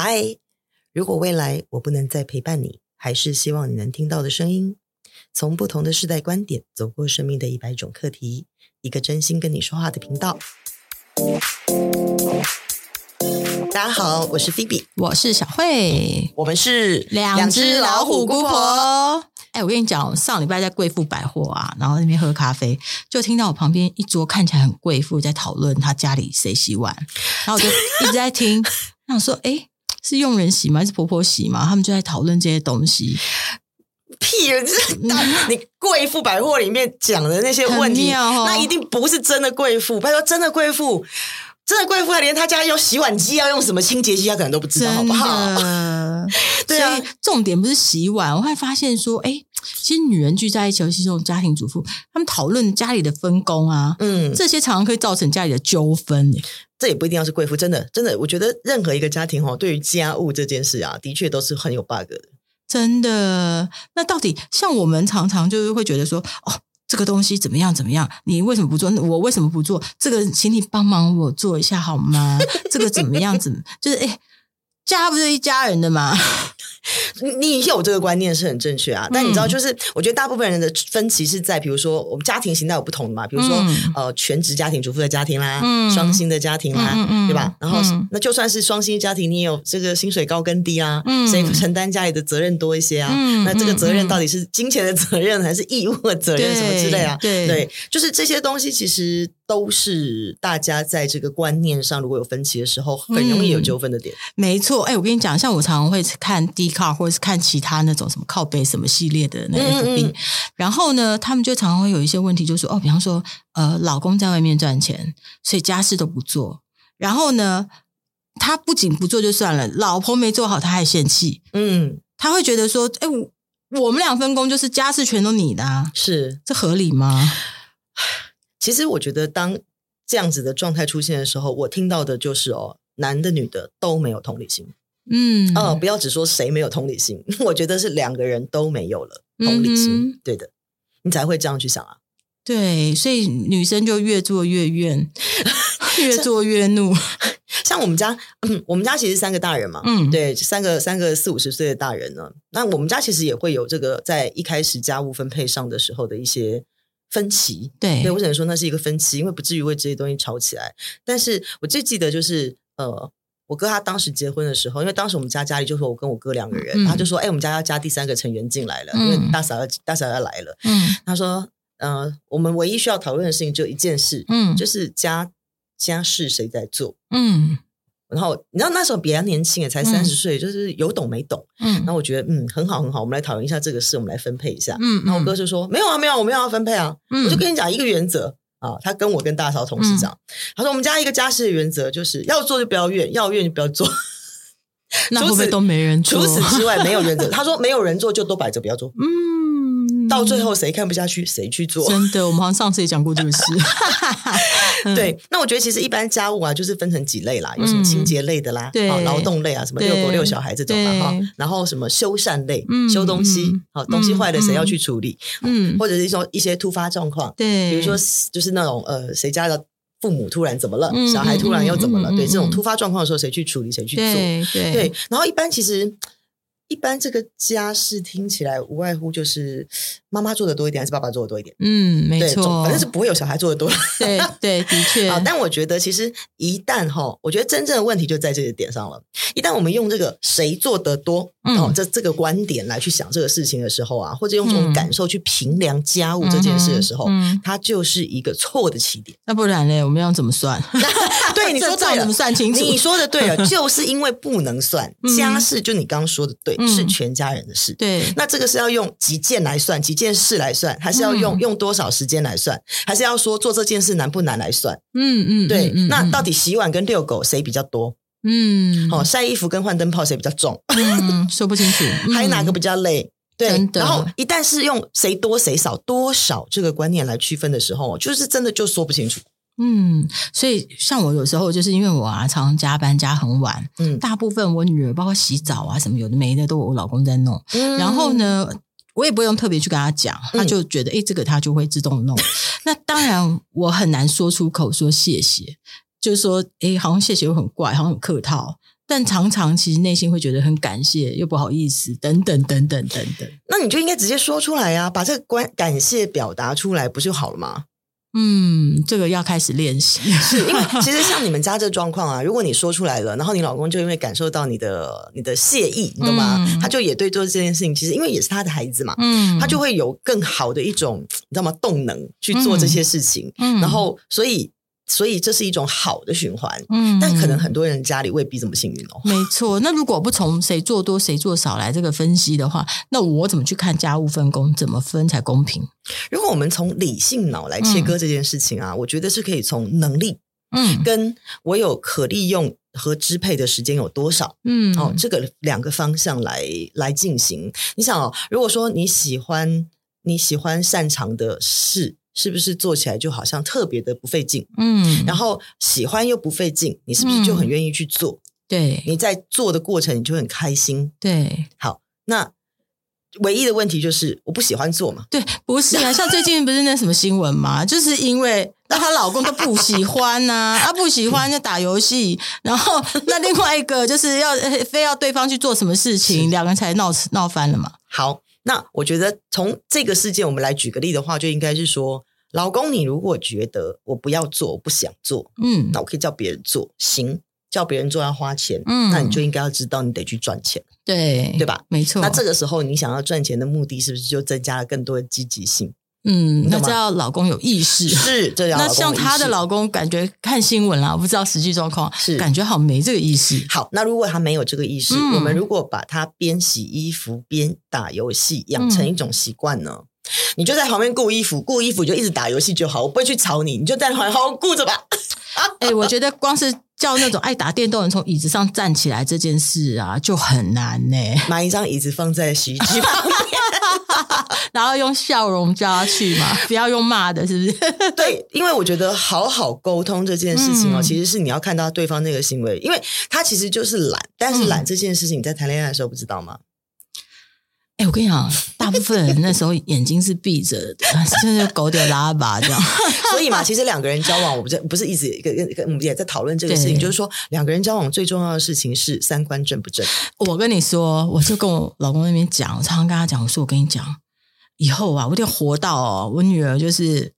嗨，Hi, 如果未來我不能再陪伴你，還是希望你能聽到的聲音，從不同的世代觀點走過生命的一百種課題，一個真心跟你說話的頻道。大家好，我是 Phoebe，我是小慧。嗯，我們是兩隻老虎姑婆。姑婆哎，我跟你講，上禮拜在貴婦百貨啊，然後那邊喝咖啡，就聽到我旁邊一桌看起來很貴婦在討論他家裡誰洗碗，然後我就一直在聽， 那我說，哎。是用人洗嗎？還是婆婆洗嗎？他們就在討論這些東西。屁！你貴婦百貨裡面講的那些問題，嗯、那一定不是真的貴婦。嗯、拜託真的貴婦，真的貴婦，啊連她家用洗碗機要用什麼清潔劑，啊可能都不知道，的好不好？對啊。重點不是洗碗。 啊、我會發現說，哎，其實女人聚在一起，尤其是這種家庭主婦，他們討論家裡的分工啊，嗯，這些常常可以造成家裡的糾紛、欸。這也不一定要是貴婦，真的，真的，我覺得任何一個家庭哈，對於家務這件事啊，的確都是很有 bug 的，真的。那到底像我們常常就是會覺得說，哦，這個東西怎麼樣怎麼樣？你為什麼不做？我為什麼不做？這個請你幫忙我做一下好嗎？這個怎麼樣怎麼？怎 就是哎。誒家不是一家人的嘛？ 你有這個觀念是很正確啊。嗯、但你知道，就是我覺得大部分人的分歧是在，比如說我們家庭形態有不同的嘛。比如說、嗯、呃，全職家庭主婦的家庭啦，雙薪、嗯、的家庭啦，嗯嗯、對吧？然後、嗯、那就算是雙薪家庭，你也有這個薪水高跟低啊？誰、嗯、承擔家裡的責任多一些啊？嗯、那這個責任到底是金錢的責任還是義務的責任什麼之類啊？對，對，對，就是這些東西其實。都是大家在這個觀念上如果有分歧的時候，很容易有糾紛的點。嗯、沒錯，哎、欸，我跟你講，像我常常會看 D 卡，Car, 或者是看其他那種什麼靠北什麼系列的那 FB，、嗯嗯、然後呢，他們就常常會有一些問題、就是，就說哦，比方說，呃，老公在外面賺錢，所以家事都不做，然後呢，他不僅不做就算了，老婆沒做好他還嫌棄，嗯，他會覺得說，哎、欸，我我們兩分工就是家事全都你的、啊，是這合理嗎？其實我覺得，當這樣子的狀態出現的時候，我聽到的就是哦，男的、女的都沒有同理心。嗯，哦，不要只說誰沒有同理心，我覺得是兩個人都沒有了同理心。嗯、哼對的，你才會這樣去想啊。對，所以女生就越做越怨，越做越怒。像，像我們家，我們家其實是三個大人嘛。嗯，對，三個三個四五十歲的大人呢。那我們家其實也會有這個，在一開始家務分配上的時候的一些。分歧，對，對我只能說那是一個分歧，因為不至於為這些東西吵起來。但是，我最記得就是，呃，我哥他當時結婚的時候，因為當時我們家家裡就是我跟我哥兩個人，嗯、他就說，哎、欸，我們家要加第三個成員進來了，嗯、因為大嫂要大嫂要來了。嗯，他說，呃，我們唯一需要討論的事情就一件事，嗯，就是家家事誰在做，嗯。嗯然後你知道那時候比較年輕，也才三十歲，嗯、就是有懂沒懂。嗯，然後我覺得嗯很好很好，我們來討論一下這個事，我們來分配一下。嗯，然後我哥就說、嗯、沒有啊，沒有啊，我們要、啊、分配啊。嗯，我就跟你講一個原則啊，他跟我跟大嫂同時講，嗯、他說，我們家一個家事的原則就是要做就不要怨，要怨就不要做。 除此那會不會都沒人做？除此之外沒有原則， 他說沒有人做就都擺着不要做。嗯。到最後誰看不下去誰去做？真的，我們好像上次也講過這個事。對，那我覺得其實一般家務啊，就是分成幾類啦，有什麼清潔類的啦，勞動類啊，什麼遛狗遛小孩這種的哈，然後什麼修繕類，修東西，好東西壞了誰要去處理？嗯，或者是說一些突發狀況，對，比如說就是那種呃，誰家的父母突然怎麼了，小孩突然又怎麼了，對，這種突發狀況的時候誰去處理誰去做？對，然後一般其實。一般這個家事聽起來無外乎就是。媽媽做的多一點還是爸爸做的多一點？嗯，沒錯，反正是不會有小孩做的多。對，對，的確。啊，但我覺得其實一旦哈，我覺得真正的問題就在這個點上了。一旦我們用這個誰做的多哦這這個觀點來去想這個事情的時候啊，或者用這種感受去評量家務這件事的時候，它就是一個錯的起點。那不然嘞，我們要怎麼算？對，你說賬怎麼算清楚？你說的對了，就是因為不能算家事。就你剛剛說的對，是全家人的事。對，那這個是要用幾件來算件事來算，還是要用用多少時間來算，還是要說做這件事難不難來算？嗯嗯，對。那到底洗碗跟遛狗誰比較多？嗯，哦，曬衣服跟換燈泡誰比較重？說不清楚，還有哪個比較累？對。然後一旦是用誰多誰少多少這個觀念來區分的時候，就是真的就說不清楚。嗯，所以像我有時候就是因為我啊，常常加班加很晚，嗯，大部分我女兒包括洗澡啊，什麼有的沒的都我老公在弄，然後呢。我也不用特別去跟他講，他就覺得，誒，嗯，欸，這個他就會自動弄。那當然，我很難說出口說謝謝，就是說，誒，欸，好像謝謝又很怪，好像很客套。但常常其實內心會覺得很感謝，又不好意思，等等等等等等。等等，那你就應該直接說出來呀，啊，把這個關感謝表達出來不就好了嗎？嗯，這個要開始練習， 是因為其實像你們家這狀況啊，如果你說出來了，然後你老公就因為感受到你的你的謝意，你懂嗎？嗯、他就也對做這件事情，其實因為也是他的孩子嘛，嗯，他就會有更好的一種，你知道嗎？動能去做這些事情，嗯、然後所以。所以這是一種好的循環，嗯，但可能很多人家裡未必這麼幸運哦。沒錯，那如果不從誰做多誰做少來這個分析的話，那我怎麼去看家務分工怎麼分才公平？如果我們從理性腦來切割這件事情啊，嗯，我覺得是可以從能力，嗯，跟我有可利用和支配的時間有多少，嗯，哦，這個兩個方向來來進行。你想哦，如果說你喜歡你喜歡擅長的事。是不是做起來就好像特別的不費勁？嗯，然後喜歡又不費勁，你是不是就很願意去做？嗯、對，你在做的過程你就很開心。對，好，那唯一的問題就是我不喜歡做嘛。對，不是啊，那像最近不是那什麼新聞嘛，就是因為那她老公都不喜歡吶、啊，他、 啊、不喜歡就打遊戲，然後那另外一個就是要非要對方去做什麼事情，是兩個人才鬧鬧翻了嘛。好，那我覺得從這個事件我們來舉個例的話，就應該是說。老公，你如果覺得我不要做，我不想做，嗯，那我可以叫別人做，行，叫別人做要花錢，嗯，那你就應該要知道，你得去賺錢，對，對吧？沒錯。那這個時候，你想要賺錢的目的是不是就增加了更多的積極性？嗯，那叫老公有意識是這樣。那像她的老公，感覺看新聞啦，我不知道實際狀況，是感覺好沒這個意識。好，那如果他沒有這個意識，我們如果把他邊洗衣服邊打遊戲，養成一種習慣呢？你就在旁邊顧衣服，顧衣服就一直打遊戲就好，我不會去吵你，你就在旁邊好好顧着吧。啊，哎，我覺得光是叫那種愛打電動人從椅子上站起來這件事啊，就很難呢、欸。買一張椅子放在洗衣機旁邊， 然後用笑容加去嘛，不要用罵的，是不是？對，因為我覺得好好溝通這件事情哦，嗯、其實是你要看到對方那個行為，因為他其實就是懶，但是懶這件事情你在談戀愛的時候不知道嗎？嗯哎、欸，我跟你講，大部分人那時候眼睛是閉着的， 就是狗屌拉巴這樣。所以嘛，其實兩個人交往，我們不是一直跟跟我們也在討論這個事情，對就是說兩個人交往最重要的事情是三觀正不正。我跟你說，我就跟我老公那邊講，我常常跟他講，我說我跟你講，以後啊，我得活到、哦、我女兒就是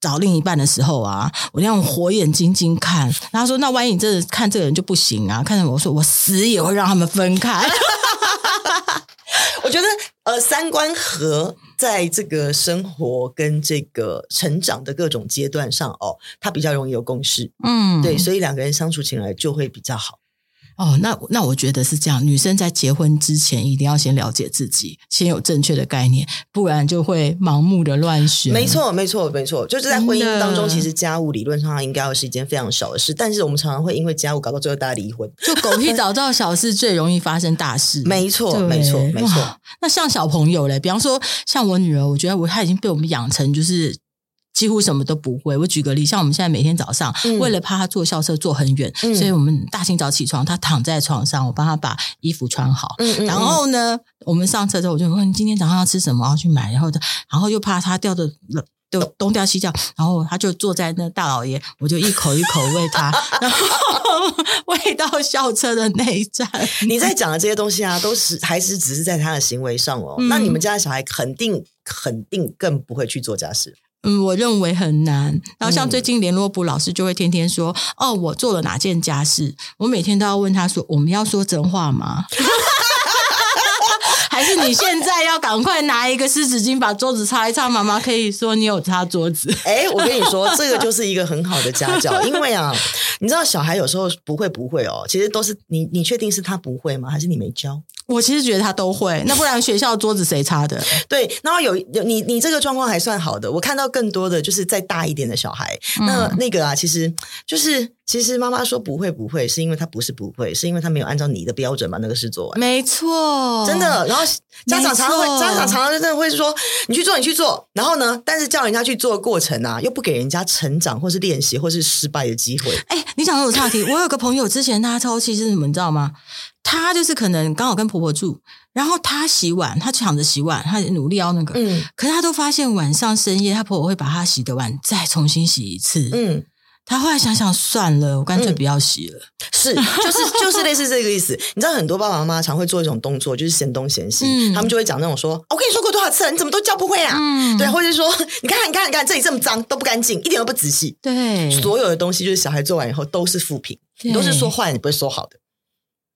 找另一半的時候啊，我得用火眼金睛看。然後他說，那萬一你真的看這個人就不行啊？看什麼，我說，我死也會讓他們分開。 我覺得，呃，三觀合，在這個生活跟這個成長的各種階段上，哦，他比較容易有共識，嗯，對，所以兩個人相處起來就會比較好。哦，那那我覺得是這樣，女生在結婚之前一定要先了解自己，先有正確的概念，不然就會盲目的亂選。沒錯，沒錯，沒錯，就是在婚姻當中，的其實家務理論上應該要是一件非常小的事，但是我們常常會因為家務搞到最後大家離婚。就狗屁倒灶的小事最容易發生大事。沒錯，對沒錯，沒錯，沒錯。那像小朋友嘞，比方說像我女兒，我覺得我她已經被我們養成就是。幾乎什麼都不會。我舉個例，像我們現在每天早上，嗯、為了怕他坐校車坐很遠，嗯、所以我們大清早起床，他躺在床上，我幫他把衣服穿好。嗯嗯、然後呢，嗯、我們上車之後，我就問今天早上要吃什麼，要去買。然後就，然後又怕他掉的，就東掉西掉。然後他就坐在那大老爺，我就一口一口餵他， 然後餵到校車的那一站。你在講的這些東西啊，都是還是只是在他的行為上哦。嗯、那你們家的小孩肯定肯定更不會去做家事。嗯，我認為很難。然後像最近聯絡部老師就會天天說：“嗯、哦，我做了哪件家事？”我每天都要問他說：“我們要說真話嗎？” 還是你現在要趕快拿一個濕紙巾把桌子擦一擦？媽媽可以說你有擦桌子。誒、欸，我跟你說，這個就是一個很好的家教， 因為啊，你知道小孩有時候不會不會哦，其實都是你，你確定是他不會嗎？還是你沒教？我其實覺得他都會，那不然學校桌子誰擦的？ 對，然後有有你，你這個狀況還算好的。我看到更多的就是再大一點的小孩，嗯、那那個啊，其實就是其實媽媽說不會不會，是因為他不是不會，是因為他沒有按照你的標準把那個事做完。沒錯錯，真的。然後家長常常會，錯家長常常真的會說，你去做，你去做。然後呢，但是叫人家去做過程啊，又不給人家成長或是練習或是失敗的機會。哎、欸，你講那種岔題， 我有個朋友之前他超氣是什麼你知道嗎？她就是可能剛好跟婆婆住，然後她洗碗，她搶着洗碗，她努力要那個，嗯，可是她都發現晚上深夜，她婆婆會把她洗的碗再重新洗一次，嗯，她後來想想算了，嗯、我乾脆不要洗了，是，就是就是類似這個意思。 你知道很多爸爸媽媽常會做一種動作，就是嫌東嫌西，他、嗯、們就會講那種說、哦，我跟你說過多少次了，你怎麼都教不會啊？嗯，對、啊，或者是說，你看你看你看，這裡這麼髒，都不乾淨，一點都不仔細，對，所有的東西就是小孩做完以後都是負評，對都是說壞，你不會說好的。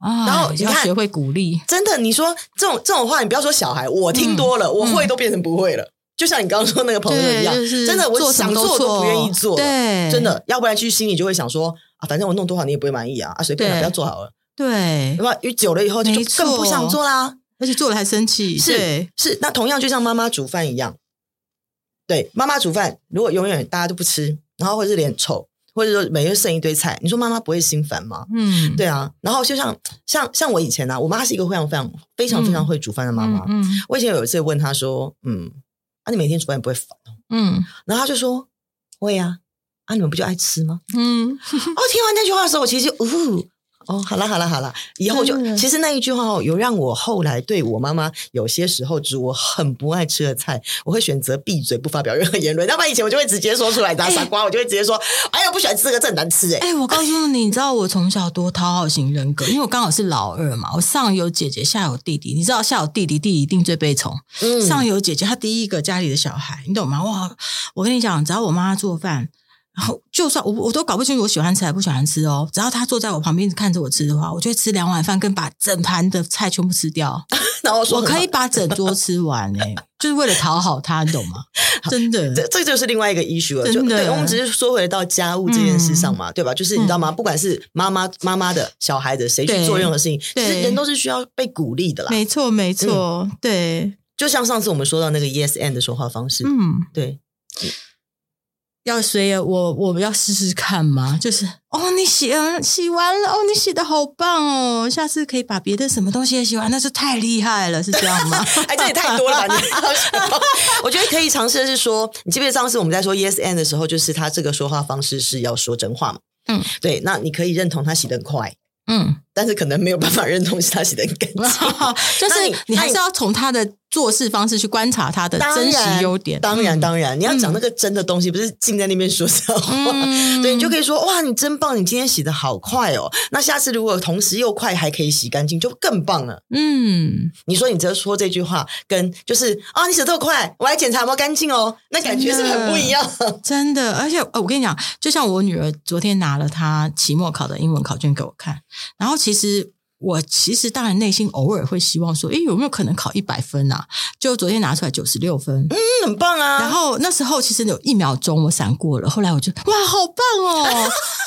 然後你要學會鼓勵，真的，你說這種這種話，你不要說小孩，我聽多了，我會都變成不會了。就像你剛剛說那個朋友一樣，真的，我想做都不願意做，對，真的，要不然其實心裡就會想說，啊，反正我弄多好你也不會滿意啊，啊，隨便，乾脆不要做好了。對，那麼越久了以後就更不想做啦，而且做了還生氣。是是，那同樣就像媽媽煮飯一樣，對，媽媽煮飯如果永遠大家都不吃，然後會是臉很臭。或者說每天剩一堆菜，你說媽媽不會心煩嗎？嗯，對啊。然後就像像像我以前呢、啊，我媽是一個非常非常非常非常會煮飯的媽媽。嗯，嗯嗯我以前有一次問她說，嗯，啊，你每天煮飯也不會煩？嗯，然後她就說，會呀、啊，啊，你們不就愛吃嗎？嗯，哦，聽完那句話的時候，我其實嗚。哦哦，好了好了好了，以後就、嗯、其實那一句話哦，有讓我後來對我媽媽有些時候，煮我很不愛吃的菜，我會選擇閉嘴不發表任何言論。要不然以前我就會直接說出來，打傻瓜，欸、我就會直接說，哎，我不喜歡吃這個，這很難吃、欸。哎、欸，我告訴你，你知道我從小多討好型人格，哎、因為我剛好是老二嘛，我上有姐姐，下有弟弟。你知道下有弟弟，弟弟一定最被寵，嗯、上有姐姐，她第一個家裡的小孩，你懂嗎？哇，我跟你講，只要我媽媽做飯。然後，就算我我都搞不清楚我喜歡吃還是不喜歡吃哦。只要他坐在我旁邊看着我吃的話，我就會吃兩碗飯，跟把整盤的菜全部吃掉。然後我可以把整桌吃完，哎，就是為了討好他，你懂嗎？真的，這這就是另外一個 issue 了。就對我們只是說回到家務這件事上嘛，對吧？就是你知道嗎？不管是媽媽媽媽的小孩子，誰去做任何事情，其實人都是需要被鼓勵的啦。沒錯，沒錯，對。就像上次我們說到那個 yes and 的說話方式，嗯，對。要所以，我我們要試試看嘛。就是哦，你洗完洗完了哦，你洗的好棒哦，下次可以把別的什麼東西也洗完，那是太厲害了，是這樣嗎？ 哎，這也太多了，你。 我覺得可以嘗試的是說，你記不記得上次我們在說 E S N 的時候，就是他這個說話方式是要說真話嘛？嗯，對，那你可以認同他洗得很快，嗯。但是可能沒有辦法認同是他洗的乾淨，oh, 你就是你，你，你還是要從他的做事方式去觀察他的真實優點。當然，當然，你要講那個真的東西，嗯、不是淨在那邊說笑話。嗯、對你就可以說：哇，你真棒！你今天洗的好快哦。那下次如果同時又快還可以洗乾淨，就更棒了。嗯，你說你只要說這句話，跟就是啊，你洗得這麼快，我來檢查有沒有乾淨哦，那感覺是，不是很不一樣真的。真的，而且、呃、我跟你講，就像我女兒昨天拿了她期末考的英文考卷給我看，然後。其實我其實當然內心偶爾會希望說，哎，有沒有可能考一百分啊？就昨天拿出來九十六分，嗯，很棒啊。然後那時候其實有一秒鐘我閃過了，後來我就哇，好棒哦。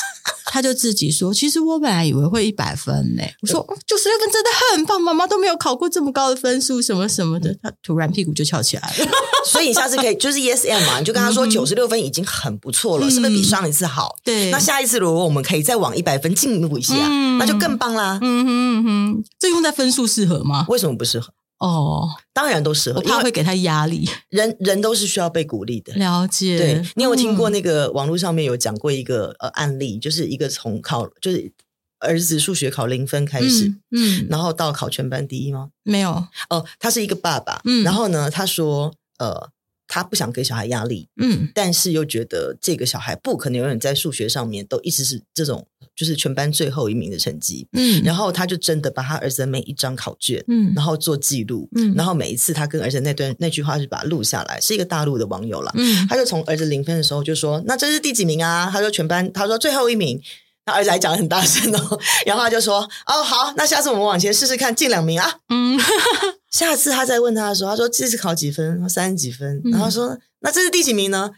他就自己說：“其實我本來以為會一百分呢、欸。”我說：“九十六分真的很棒，媽媽都沒有考過這麼高的分數，什麼什麼的。嗯”他突然屁股就翹起來了。 所以你下次可以就是 ESM 嘛，你就跟他說：“九十六分已經很不錯了，是不是比上一次好？”對、嗯。那下一次如果我們可以再往一百分進步一下、啊，嗯、那就更棒啦。嗯哼哼、嗯、哼，這用在分數適合嗎？為什麼不適合？哦，oh, 當然都適合。我怕會給他壓力。人人都是需要被鼓勵的，了解。對，你有聽過那個網絡上面有講過一個、嗯、呃，案例，就是一個從考就是兒子數學考零分開始，嗯，嗯然後到考全班第一嗎？沒有。哦、呃，他是一個爸爸，嗯，然後呢，他說，呃，他不想給小孩壓力，嗯，但是又覺得這個小孩不可能永遠在數學上面都一直是這種。就是全班最後一名的成績，嗯，然後他就真的把他兒子的每一張考卷，嗯，然後做記錄，嗯，然後每一次他跟兒子那段那句話就把它錄下來，是一個大陸的網友了，嗯，他就從兒子零分的時候就說，那這是第幾名啊？他說全班，他說最後一名，他兒子還講得很大聲哦，然後他就說，哦好，那下次我們往前試試看進兩名啊，嗯， 下次他再問他的時候，他說這次考幾分？三十幾分，然後他說、嗯、那這是第幾名呢？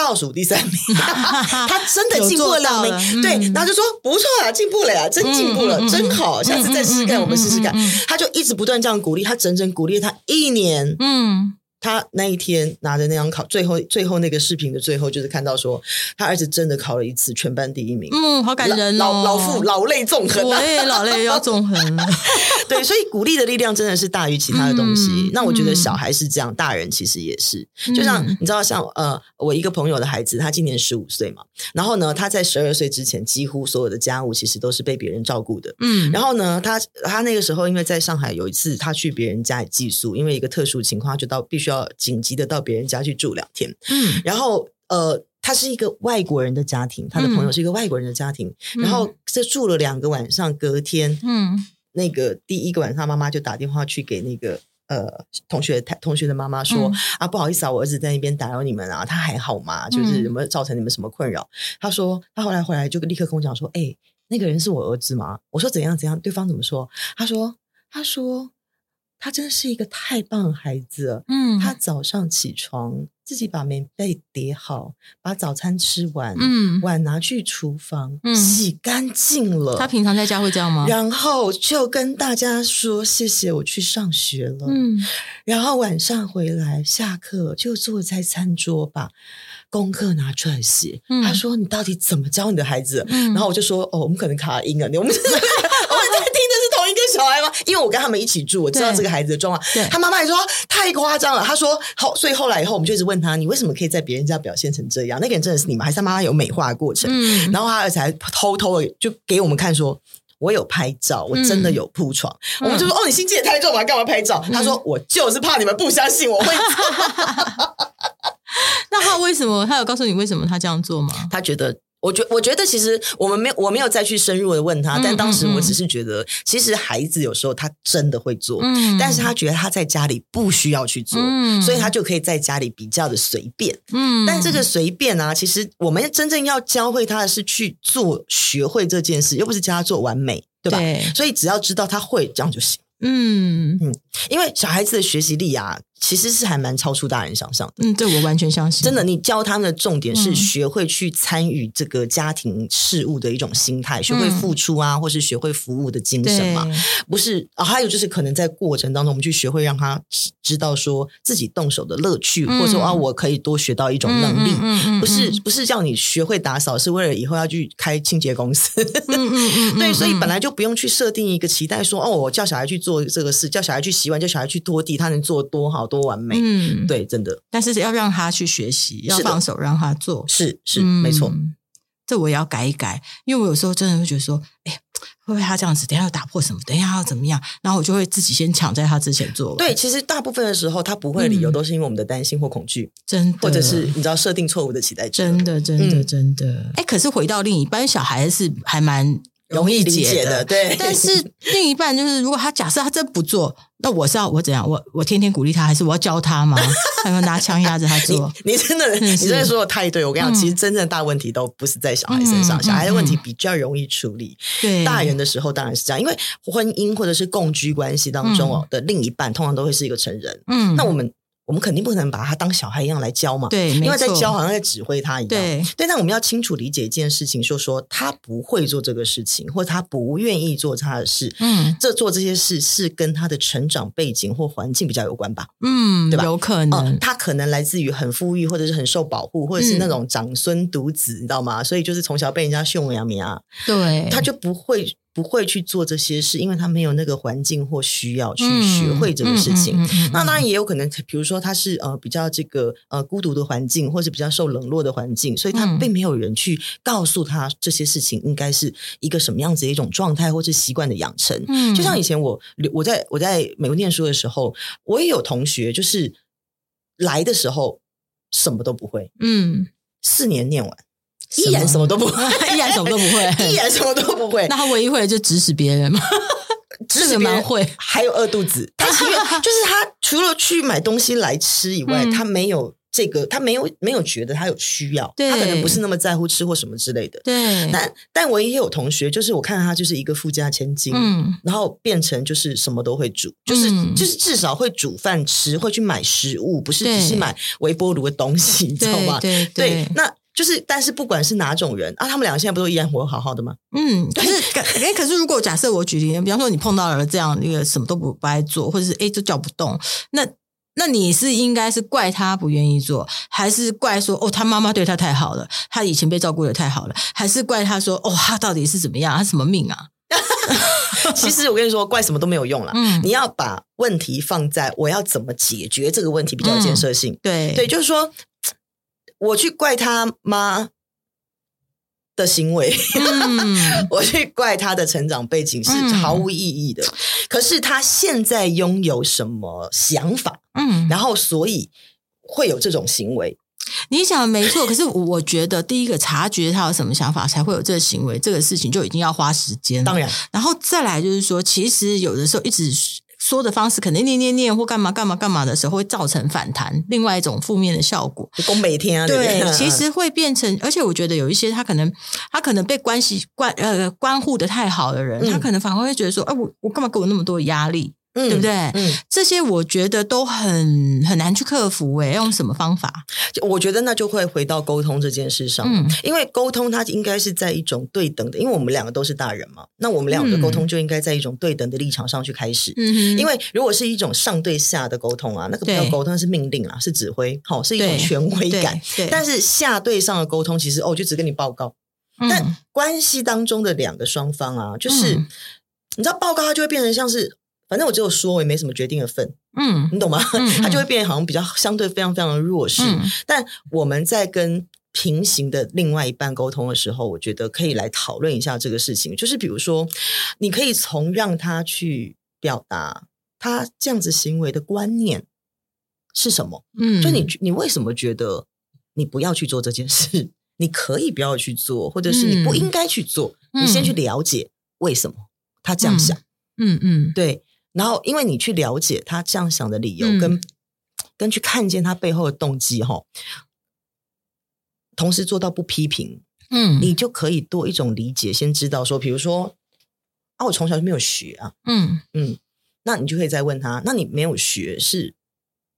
倒數第三名，哈哈，他真的進步了，了。對，然後就說不錯啊，進步了呀，嗯、真進步了，嗯、真好。下次再試試看，嗯、我們試試看。嗯嗯嗯、他就一直不斷這樣鼓勵他，整整鼓勵他一年。嗯。他那一天拿着那張考最後最後那個視頻的最後，就是看到說他兒子真的考了一次全班第一名。嗯，好感人。哦，老老父老淚縱橫，啊，對老淚要縱橫。 對，所以鼓勵的力量真的是大於其他的東西。嗯，那我覺得小孩是這樣，嗯，大人其實也是。就像，嗯，你知道像，像呃，我一個朋友的孩子，他今年十五歲嘛。然後呢，他在十二歲之前，幾乎所有的家務其實都是被別人照顧的。嗯。然後呢，他他那個時候因為在上海，有一次他去別人家裡寄宿，因為一個特殊情況，就到必須。要緊急的到別人家去住兩天，嗯，然後呃，他是一個外國人的家庭，嗯、他的朋友是一個外國人的家庭，嗯、然後這住了兩個晚上，隔天，嗯，那個第一個晚上，媽媽就打電話去給那個呃同學，同學的媽媽說、嗯、啊，不好意思啊，我兒子在那邊打擾你們啊，他還好嗎？就是有沒有造成你們什麼困擾？他、嗯、說他後來回來就立刻跟我講說，哎、欸，那個人是我兒子嗎？我說怎樣怎樣，對方怎麼說？他說他說。他真的是一個太棒的孩子，嗯，他早上起床自己把棉被疊好，把早餐吃完，碗，嗯，拿去廚房，嗯，洗乾淨了。他平常在家會這樣嗎？然後就跟大家說謝謝，我去上學了。嗯，然後晚上回來下課就坐在餐桌把功課拿出來寫。嗯，他說：“你到底怎麼教你的孩子？”嗯，然後我就說：“哦，我們可能卡音了，了，我們。” 小孩嗎？因為我跟他們一起住,我知道這個孩子的狀況。對對，他媽媽還說太誇張了。他說好，所以後來以後我們就一直問他，你為什麼可以在別人家表現成這樣？那個人真的是你嗎？還是他媽媽有美化過程？嗯、然後他兒子還偷偷的就給我們看說，我有拍照，我真的有鋪床。嗯、我們就說哦，你心機也太重了，我還幹嘛拍照？他、嗯、說我就是怕你們不相信我會。 那他為什麼？他有告訴你為什麼他這樣做嗎？他覺得。我覺我覺得其實我們沒有我沒有再去深入的問他，但當時我只是覺得，其實孩子有時候他真的會做，嗯、但是他覺得他在家裡不需要去做，嗯、所以他就可以在家裡比較的隨便。嗯、但這個隨便啊，其實我們真正要教會他的是去做，學會這件事，又不是教他做完美，對吧？對。所以只要知道他會這樣就行。嗯嗯，因為小孩子的學習力啊。其實是還蠻超出大人想象的。嗯，對，我完全相信。真的，你教他們的重點是學會去參與這個家庭事務的一種心態，學會付出啊，或是學會服務的精神嘛、啊。不是，啊，還有就是可能在過程當中，我們去學會讓他知道說自己動手的樂趣，或者說啊，我可以多學到一種能力。不是，不是叫你學會打掃，是為了以後要去開清潔公司。對，所以本來就不用去設定一個期待，說哦，我叫小孩去做這個事，叫小孩去洗碗，叫小孩去拖地，他能做多好，多完美，嗯，對，真的。但是要讓他去學習，要放手讓他做，是是，是嗯、沒錯。這我也要改一改，因為我有時候真的會覺得說，哎、欸，會不會他這樣子，等下要打破什麼，等下要怎麼樣？然後我就會自己先搶在他之前做。對，其實大部分的時候他不會的理由都是因為我們的擔心或恐懼、嗯，真的，或者是你知道設定錯誤的期待，真的，真的，真的。哎、嗯欸，可是回到另一半小孩子是還蠻。容易理解的，解的對。但是另一半就是，如果他假設他真不做， 那我是要我怎樣？我我天天鼓勵他，還是我要教他嗎？ 還要拿槍壓着他做 你？你真的，是是你真的說得太對。我跟你講，其實真正的大問題都不是在小孩身上，嗯、小孩的問題比較容易處理。對、嗯，嗯、大人的時候當然是這樣，對因為婚姻或者是共居關係當中哦的另一半，通常都會是一個成人。嗯，那我們。我們肯定不可能把他當小孩一樣來教嘛，對，因為在教好像在指揮他一樣。對，對，但我們要清楚理解一件事情就是說，就說他不會做這個事情，或者他不願意做他的事。嗯，這做這些事是跟他的成長背景或環境比較有關吧？嗯，對吧？有可能、嗯，他可能來自於很富裕，或者是很受保護，或者是那種長孫獨子，嗯、你知道嗎？所以就是從小被人家寵養，明啊，對，他就不會。不會去做這些事，因為他沒有那個環境或需要去學會這個事情。嗯嗯嗯嗯、那當然也有可能，比如說他是呃比較這個呃孤獨的環境，或是比較受冷落的環境，所以他並沒有人去告訴他這些事情應該是一個什麼樣子的一種狀態或是習慣的養成。嗯、就像以前我我在我在美國念書的時候，我也有同學就是來的時候什麼都不會，嗯，四年念完，依然什麼都不會，依然什麼都不會，依然什麼都不會。那他唯一會的就指使別人嗎？指使蠻會，還有餓肚子。他需要，就是他除了去買東西來吃以外，他沒有這個，他沒有沒有覺得他有需要。他可能不是那麼在乎吃或什麼之類的。對，但但我也有同學，就是我看到他就是一個富家千金，然後變成就是什麼都會煮，就是就是至少會煮飯吃，會去買食物，不是只是買微波爐的東西，你知道嗎？對，那。就是，但是不管是哪種人啊，他們兩個現在不都一樣活得好好的嗎？嗯，可是、哎可，哎、可是如果假設我舉例，比方說你碰到了這樣一個什麼都不不愛做，或者是哎就叫不動，那那你是應該是怪他不願意做，還是怪說哦他媽媽對他太好了，他以前被照顧的太好了，還是怪他說哦他到底是怎麼樣，他什麼命啊？ 其實我跟你說，怪什麼都沒有用了。嗯、你要把問題放在我要怎麼解決這個問題比較有建設性。嗯、對對，就是說。我去怪他媽的行為，嗯， 我去怪他的成長背景是毫無意義的。可是他現在擁有什麼想法？然後所以會有這種行為，嗯。你想沒錯，可是我覺得第一個察覺他有什麼想法，才會有這個行為，這個事情就一定要花時間。當然，然後再來就是說，其實有的時候一直。說的方式可能念念念或幹嘛幹嘛幹嘛的時候，會造成反彈，另外一種負面的效果。供每天啊，對，對，其實會變成，而且我覺得有一些他可能他可能被關係關呃關護的太好的人，嗯、他可能反而會覺得說，哎、呃，我我幹嘛給我那麼多壓力？嗯、對不對？嗯，這些我覺得都很很難去克服誒、欸，用什麼方法就？我覺得那就會回到溝通這件事上，嗯，因為溝通它應該是在一種對等的，因為我們兩個都是大人嘛，那我們兩個溝通就應該在一種對等的立場上去開始。嗯，因為如果是一種上對下的溝通啊，嗯、哼那個不叫溝通是命令啊，對是指揮，好、哦，是一種權威感。對對對但是下對上的溝通，其實哦，就只跟你報告。嗯、但關係當中的兩個雙方啊，就是、嗯、你知道報告，它就會變成像是。反正我只有說，我也沒什麼決定的份。嗯，你懂嗎？嗯、他就會變，好像比較相對非常非常的弱勢。嗯、但我們在跟平行的另外一半溝通的時候，我覺得可以來討論一下這個事情。就是比如說，你可以從讓他去表達他這樣子行為的觀念是什麼。嗯，就你你為什麼覺得你不要去做這件事？你可以不要去做，或者是你不應該去做？嗯、你先去了解為什麼他這樣想。嗯嗯，嗯嗯對。然後，因為你去了解他這樣想的理由跟、跟、嗯、跟去看見他背後的動機、哦，哈，同時做到不批評，嗯，你就可以多一種理解，先知道說，比如說，啊，我從小就沒有學啊，嗯嗯，那你就可以再問他，那你沒有學是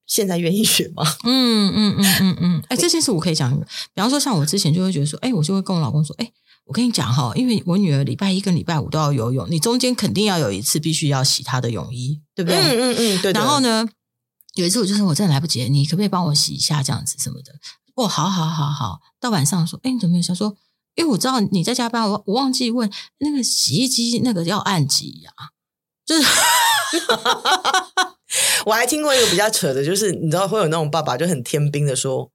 現在願意學嗎？嗯嗯嗯嗯嗯，哎，這件事我可以講，比方說，像我之前就會覺得說，哎、欸，我就會跟我老公說，哎、欸。我跟你講哈，因為我女兒禮拜一跟禮拜五都要游泳，你中間肯定要有一次必須要洗她的泳衣，對不對？嗯嗯嗯，對，對。然後呢，有一次我就是我真的來不及了，你可不可以幫我洗一下這樣子什麼的？哦，好好好好，到晚上說，哎，你怎麼沒想說？因為我知道你在加班，我我忘記問那個洗衣機那個要按幾呀、啊？就是， 我還聽過一個比較扯的，就是你知道會有那種爸爸就很天兵的說。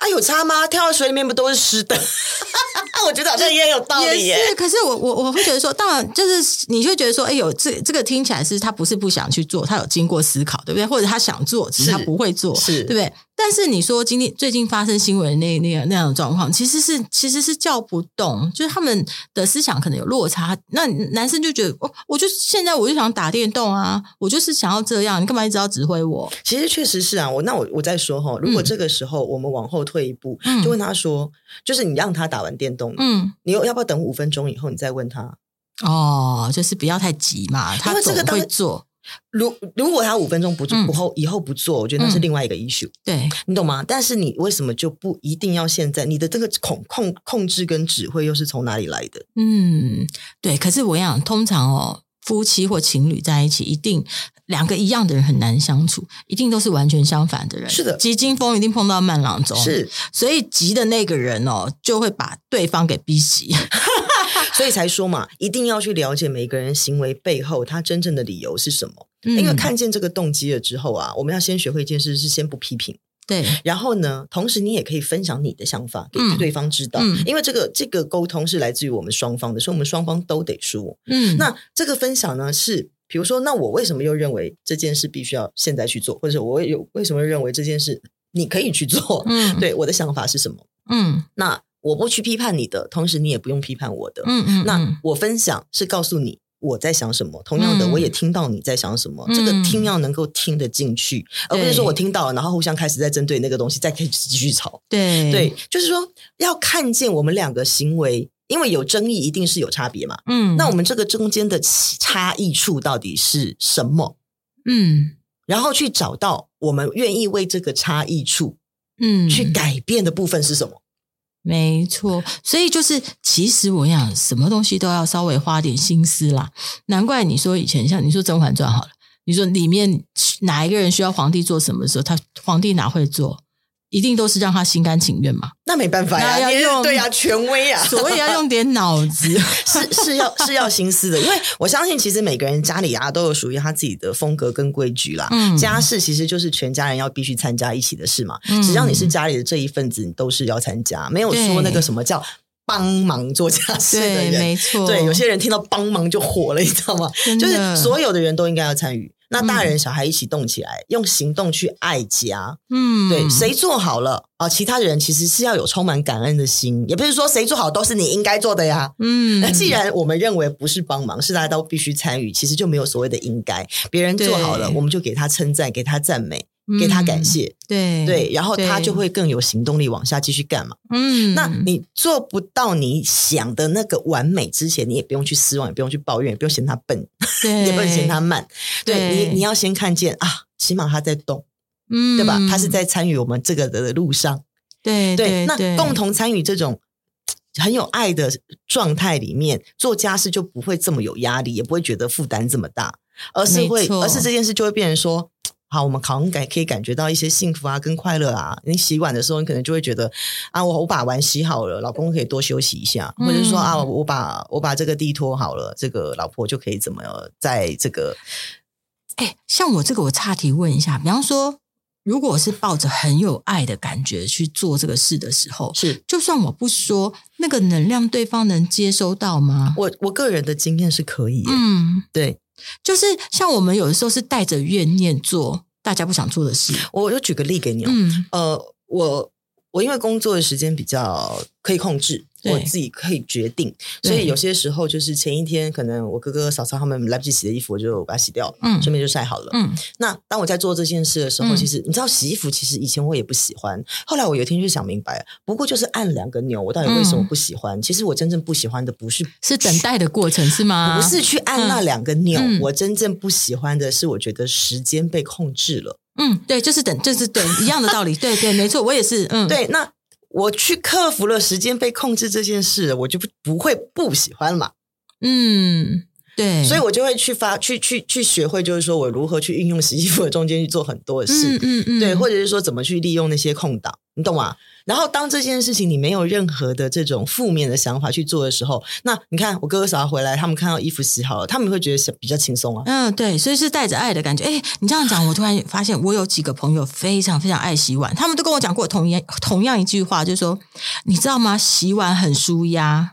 啊，有差嗎？跳到水裡面不都是濕的？啊， 我覺得好像也有道理耶，也是。可是我我我會覺得說，當然就是，你就覺得說，哎呦，有這個、這個聽起來是，他不是不想去做，他有經過思考，對不對？或者他想做，只是他不會做，是，是對不對？但是你說今天最近發生新聞那那樣那樣的狀況，其實是其實是叫不動，就是他們的思想可能有落差。那男生就覺得我、哦、我就現在我就想打電動啊，我就是想要這樣，你幹嘛一直要指揮我？其實確實是啊，我那我我再說哈、哦，如果這個時候我們往後退一步，嗯、就問他說，就是你讓他打完電動，嗯，你要不要等五分鐘以後你再問他？哦，就是不要太急嘛，他這個會做。如如果他五分鐘不做不後、嗯、以後不做，我覺得那是另外一個 issue、嗯。對，你懂嗎？但是你為什麼就不一定要現在？你的這個控控控制跟指揮又是從哪裡來的？嗯，對。可是我想，通常哦，夫妻或情侶在一起，一定兩個一樣的人很難相處，一定都是完全相反的人。是的，急驚風一定碰到慢郎中，是，所以急的那個人哦，就會把對方給逼急。 所以才說嘛，一定要去了解每個人行為背後他真正的理由是什麼？嗯、因為看見這個動機了之後啊，我們要先學會一件事，是先不批評。對，然後呢，同時你也可以分享你的想法給對方知道，嗯嗯、因為這個這個溝通是來自於我們雙方的，所以我們雙方都得說。嗯，那這個分享呢，是比如說，那我為什麼又認為這件事必須要現在去做，或者我有為什麼認為這件事你可以去做？嗯，對，我的想法是什麼？嗯，那。我不去批判你的，同時你也不用批判我的。嗯嗯，那我分享是告訴你我在想什麼，嗯、同樣的我也聽到你在想什麼。嗯、這個聽要能夠聽得進去，嗯、而不是說我聽到了，然後互相開始在針對那個東西，再開始繼續吵。對對，就是說要看見我們兩個行為，因為有爭議一定是有差別嘛。嗯，那我們這個中間的差異處到底是什麼？嗯，然後去找到我們願意為這個差異處，嗯，去改變的部分是什麼？沒錯，所以就是其實我想，什麼東西都要稍微花點心思啦。難怪你說以前像你說《甄嬛傳》好了，你說裡面哪一個人需要皇帝做什麼的時候，他皇帝哪會做？一定都是讓他心甘情願嘛？那沒辦法呀、啊，要用也對呀、啊，權威呀、啊。所以要用點腦子， 是是要是要心思的， 因為我相信，其實每個人家裡啊都有屬於他自己的風格跟規矩啦。嗯、家事其實就是全家人要必須參加一起的事嘛。嗯、只要你是家裡的這一份子，你都是要參加，沒有說那個什麼叫幫忙做家事的人。對，沒錯，對，有些人聽到幫忙就火了，你知道嗎？真的。就是所有的人都應該要參與。那大人小孩一起動起來，嗯，用行動去愛家。嗯，對，誰做好了啊？其他人其實是要有充滿感恩的心，也不是說誰做好都是你應該做的呀。嗯，那既然我們認為不是幫忙，是大家都必須參與，其實就沒有所謂的應該。別人做好了，對我們就給他稱讚，給他讚美。給他感謝，嗯、對對，然後他就會更有行動力往下繼續幹嘛。嗯，那你做不到你想的那個完美之前，你也不用去失望，也不用去抱怨，也不用嫌他笨，對 也不用嫌他慢。對，對你，你要先看見啊，起碼他在動，嗯，對吧？他是在參與我們這個的路上。對對，對對，那共同參與這種很有愛的狀態裡面，做家事就不會這麼有壓力，也不會覺得負擔這麼大，而是會，錯而是這件事就會變成說。好，我們扛感，可以感覺到一些幸福啊，跟快樂啊。你洗碗的時候，你可能就會覺得啊，我我把碗洗好了，老公可以多休息一下，或者說啊，我把我把這個地拖好了，這個老婆就可以怎麼樣在這個。哎、欸，像我這個，我岔題問一下，比方說，如果是抱着很有愛的感覺去做這個事的時候，是就算我不說，那個能量對方能接收到嗎？我我個人的經驗是可以、欸，嗯，對。就是像我們有的時候是帶着怨念做大家不想做的事，我就舉個例給你哦。嗯、呃，我我因為工作的時間比較可以控制。對我自己可以決定，所以有些時候就是前一天可能我哥哥嫂嫂他們來不及洗的衣服，我就把它洗掉了，嗯、順便就曬好了。嗯，那當我在做這件事的時候，嗯、其實你知道洗衣服，其實以前我也不喜歡，後來我有一天就想明白，不過就是按兩個鈕，我到底為什麼不喜歡？嗯、其實我真正不喜歡的不是是等待的過程，是嗎？不是去按那兩個鈕，嗯、我真正不喜歡的是，我覺得時間被控制了。嗯，對，就是等，就是等， 一樣的道理。對對，沒錯，我也是。嗯，對，那。我去克服了時間被控制這件事，我就不不會不喜歡了嘛。嗯，對，所以我就會去發去去去學會，就是說我如何去運用洗衣服的中間去做很多的事，嗯嗯，嗯嗯對，或者是說怎麼去利用那些空檔。你懂嗎？然後當這件事情你沒有任何的這種負面的想法去做的時候，那你看我哥哥嫂嫂回來，他們看到衣服洗好了，他們會覺得是比較輕鬆啊。嗯，對，所以是帶着愛的感覺。誒，你這樣講，我突然發現我有幾個朋友非常非常愛洗碗，他們都跟我講過同樣同樣一句話，就是說，你知道嗎？洗碗很舒壓。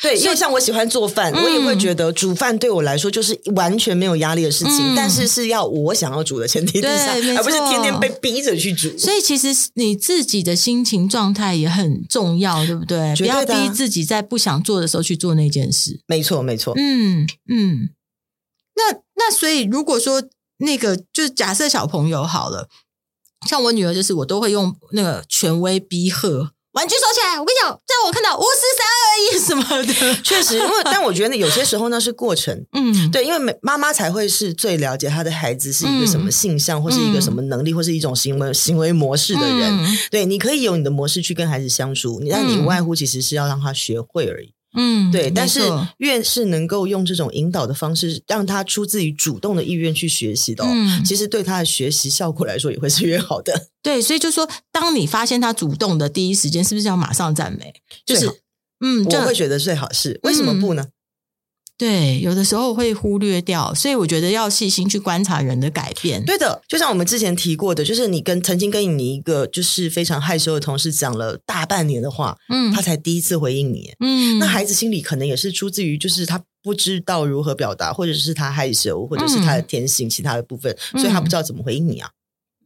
對，因為像我喜歡做飯，嗯、我也會覺得煮飯對我來說就是完全沒有壓力的事情。嗯、但是是要我想要煮的前提之下，而不是天天被逼着去煮。所以其實你自己的心情狀態也很重要，對不對？對啊、不要逼自己在不想做的時候去做那件事。沒錯，沒錯。嗯嗯。那那所以，如果說那個就是假設小朋友好了，像我女兒，就是我都會用那個權威逼喝。玩具收起來，我跟你講，這樣我看到五、四、三、二、一，什麼的。確實，因為 但我覺得有些時候那是過程。嗯，對，因為每媽媽才會是最了解她的孩子是一個什麼性向、嗯、或是一個什麼能力，或是一種行為行為模式的人。嗯、對，你可以有你的模式去跟孩子相處，嗯、但你無外乎其實是要讓他學會而已。嗯，對，但是越是能夠用這種引導的方式，讓他出自於主動的意願去學習的哦，嗯，其實對他的學習效果來說也會是越好的。對，所以就說，當你發現他主動的第一時間，是不是要馬上讚美？就是，好嗯，我會覺得最好是，為什麼不呢？嗯對，有的時候會忽略掉，所以我覺得要細心去觀察人的改變。對的，就像我們之前提過的，就是你跟曾經跟你一個就是非常害羞的同事講了大半年的話，嗯，他才第一次回應你，嗯，那孩子心裡可能也是出自於，就是他不知道如何表達，或者是他害羞，或者是他的天性，其他的部分，嗯，所以他不知道怎麼回應你啊。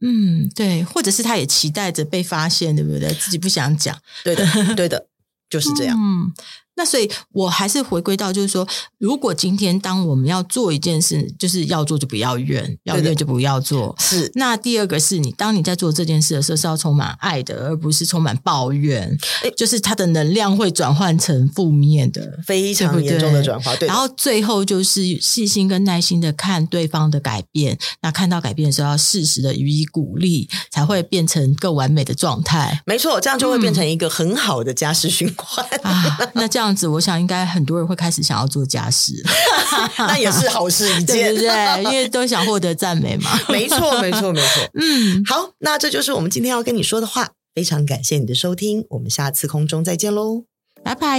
嗯，對，或者是他也期待着被發現，對不對？自己不想講。 對的，對的，就是這樣。嗯。那所以，我還是回歸到，就是說，如果今天當我們要做一件事，就是要做就不要怨，要怨就不要做。是。那第二個是你，當你在做這件事的時候，是要充滿愛的，而不是充滿抱怨，誒就是它的能量會轉換成負面的，非常嚴重的轉化。對，對。對的然後最後就是細心跟耐心的看對方的改變，那看到改變的時候，要適時的予以鼓勵，才會變成更完美的狀態。沒錯，這樣就會變成一個很好的家事循環，嗯啊。那這樣。這樣子，我想應該很多人會開始想要做家事， 那也是好事一件，對，對對，因為都想獲得讚美嘛。 沒錯，沒錯，沒錯。嗯，好，那這就是我們今天要跟你說的話。非常感謝你的收聽，我們下次空中再見嘍，拜拜。